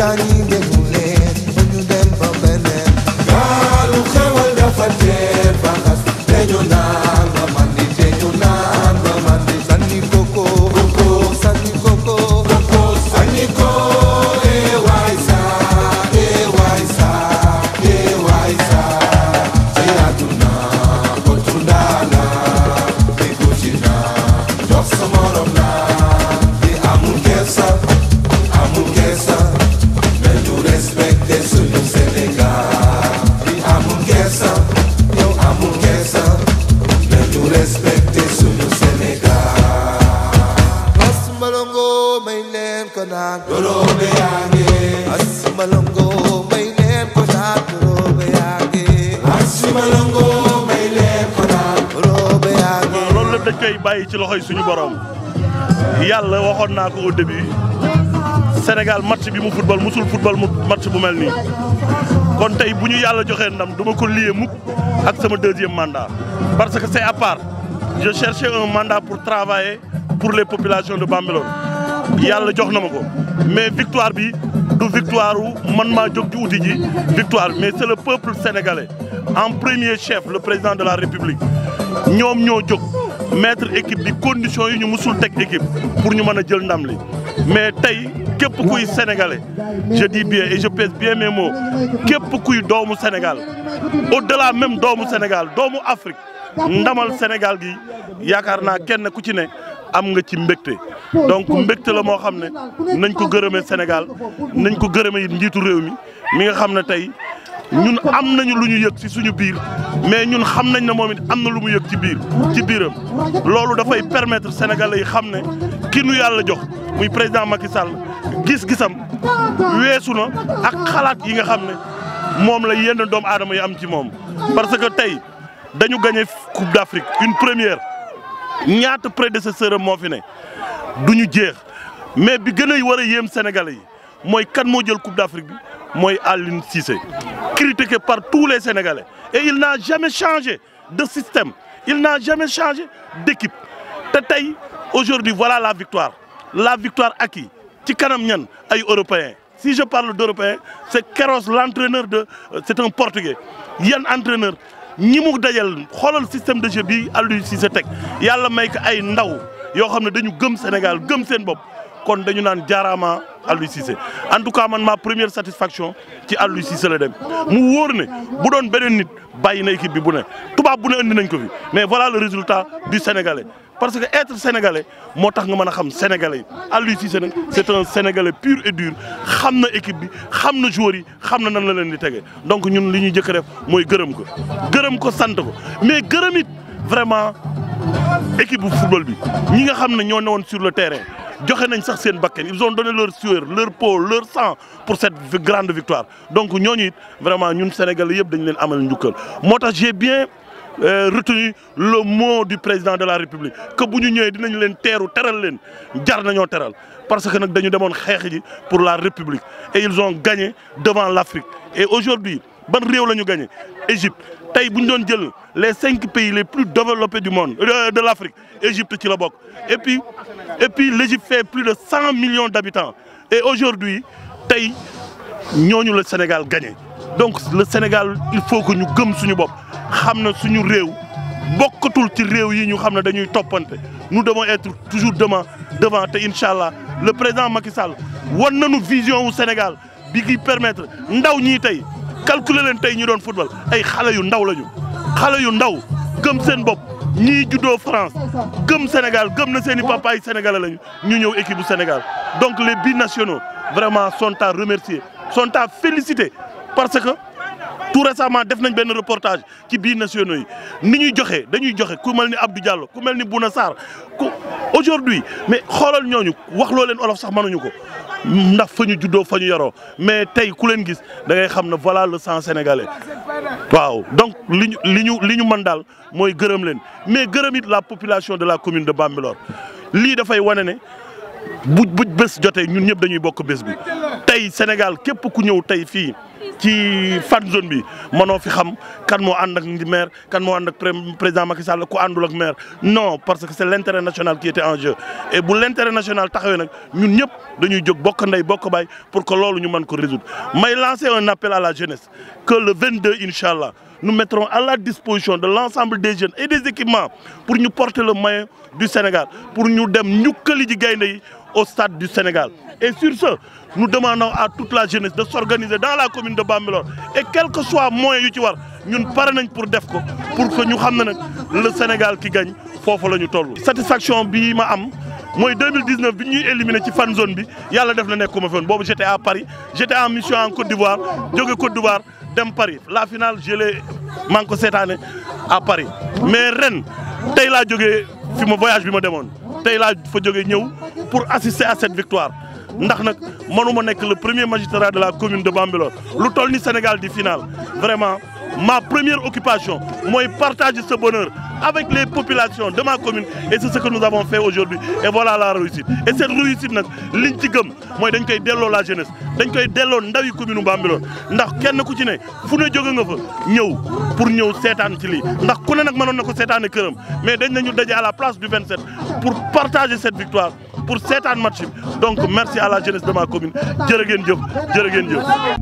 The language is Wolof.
African Indian dañ koy ci loxoy suñu borom yalla waxon nako au début Sénégal match bi mu football musul football mu match bu melni kon tay buñu yalla yàlla ndam duma ko lié mu ak sama deuxième mandat parce que c'est à part je cherchais un mandat pour travailler pour les populations de Bambilor yalla jox na mais victoire bi du victoire wu man ma jóg ci outil ji victoire mais c'est le peuple sénégalais en premier chef le président de la République ñom ñoo jóg mettre équipe bi condition yi ñu musul tek équipe pour ñu mëna jël ndam li mais tay képp kuy sénégalais je dis bien et je pèse bien mes mots képp kuy doomu Sénégal au-delà même doomu Sénégal doomu Afrique ndamal Sénégal gi yaakaar naa kenn ku ci ne am nga ci mbégte donc mbégte la moo xam ne nañ ko gërëmee Sénégal nañ ko gërëmee it njiitu réew mi mi nga xam ne tey ñun am nañu luñu ñu yëg ci suñu biir mais ñun xam nañ ne momit amna lu mu yëg ci biir ci biiram loolu dafay permettre sénégalais yi xam ne ki nu yàlla jox muy président Macky Sall gis-gisam weesu na ak xalaat yi nga xam ne moom la yenn doomu aadama yi am ci moom. parce que tey dañu gagné Coupe d'Afrique une première ñaata prédécesseur am moo fi ne duñu jeex mais bi gën a war a yéem sénégalais yi mooy kan moo jël Coupe d'Afrique bi mooy Alioune Cissé critiqué par tous les Sénégalais et il n'a jamais changé de système il n'a jamais changé d'équipe te aujourd'hui voilà la victoire la victoire acquise ci kanam ñan ay européen si je parle d'européen, c'est Kéros, l'entraîneur de euh, c'est un portugais un entraîneur ñi mu dajal le système de jeu bi Aliou Cissé a yàlla may ko ay ndaw yoo xam ne dañu gëm Sénégal gëm seen Sénégal. kon dañu nan jaaraama alou Cissé en tout cas man ma première satisfaction ci alou Cissé la dem mu wóor ne bu doon benen nit bayina équipe bi bu ne tubaab bu ne andi nañ ko fi mais voilà le résultat du sénégalais parce que être sénégalais motax nga mën xam sénégalais alou Cissé nak c'est un sénégalais pur et dur xamna équipe bi xamna na yi xamna nan la leen di tege donc ñun li ñu jëk a def mooy gërëm ko gëreum ko sant ko mais gëreumit vraiment équipe bu football bi ñi nga xam ñoo néwon sur le terrain. ils ont donné leur sueur leur peau leur sang pour cette grande victoire donc nous, vraiment ñun Sénégalais nous avons leen amal njukkal j'ai bien euh, retenu le mot du président de la République que si nous dinañ leen teeru teral leen parce que nous avons fait pour la République et ils ont gagné devant l'Afrique et aujourd'hui nous avons gagné Égypte les cinq pays les plus développés du monde euh, de l'Afrique. Égypte et puis et puis fait plus de 100 millions d'habitants. et aujourd'hui nous ñooñu le Sénégal gagné donc le Sénégal il faut que nous gëm suñu bop xamna suñu ci yi ñu nous devons être toujours devant devant le président Macky Sall avons une vision au Sénégal bi qui permettre ndaw ñi calculer leen tey ñu football ay xale yu ndaw lañu xale yu ndaw comme seen bopp ñii France comme Sénégal comme na sait papa et sénégalais lañu ñu ñëw équipe du Sénégal donc les binationaux vraiment sont à remercier sont à féliciter parce que tout récemment def nañ benn reportage ci biir nationaux yi ni ñuy joxe dañuy joxe ku mel ni Abdou Diallo ku mel ni Bouna Sarr aujourd'hui mais xoolal ñooñu wax loo leen olof sax mënuñu ko ndax fa ñu juddoo fa ñu yaroo mais tey ku leen gis da ngay xam voilà le sang sénégalais waaw donc li ñu li ñu li ñu mën leen mais gërëm it la population de la commune de Bambilor lii dafay wane ne bu bu bés jotee ñun ñëpp dañuy bokk bés bi tay Sénégal képp ku ñew tay fi ci fan zone bi mëno fi xam kan mo and ak maire kan mo le ak président Macky Sall ku andul ak maire non parce que c'est l'intérêt national qui était en jeu et bu l'intérêt national taxawé nak ñun ñëpp dañuy jog bokk ndey bokk pour que lolu ñu mën ko résoudre may lancer un appel à la jeunesse que le 22 inshallah, nous mettrons à la disposition de l'ensemble des jeunes et des équipements pour nous porter le maillot du Sénégal pour nous dem ñukkali ji gaynde yi au stade du Sénégal. Et sur ce, nous demandons à toute la jeunesse de s'organiser dans la commune de Bambelor. Et quel que soit le moyen nous parlons pour DEFCO, pour que nous sachions le Sénégal qui gagne, fofu lañu tollu satisfaction bi ma am en 2019 bi ñuy éliminer ci fan zone bi yalla def comme je bobu j'étais à Paris j'étais en mission en Côte d'Ivoire jogé Côte d'Ivoire dem Paris la finale je l'ai manqué cette année à Paris mais ren tay la que fi ma voyage bi ma il faut pour assister à cette victoire ndax suis le premier magistrat de la commune de Bambelo. lu ni Sénégal de final vraiment ma première occupation, moi, partage ce bonheur avec les populations de ma commune. Et c'est ce que nous avons fait aujourd'hui. Et voilà la réussite. Et cette réussite, l'intigum, moi, je suis à la jeunesse. Je suis à la commune de Bambilon. Je suis délo la commune de Bambilon. ñëw pour ñëw seetaan ci lii ndax ku ne nag mënoon na ko mais dañ nañu à la place du 27 pour partager cette victoire pour seetaan match donc merci à la jeunesse de ma commune Je vous jëf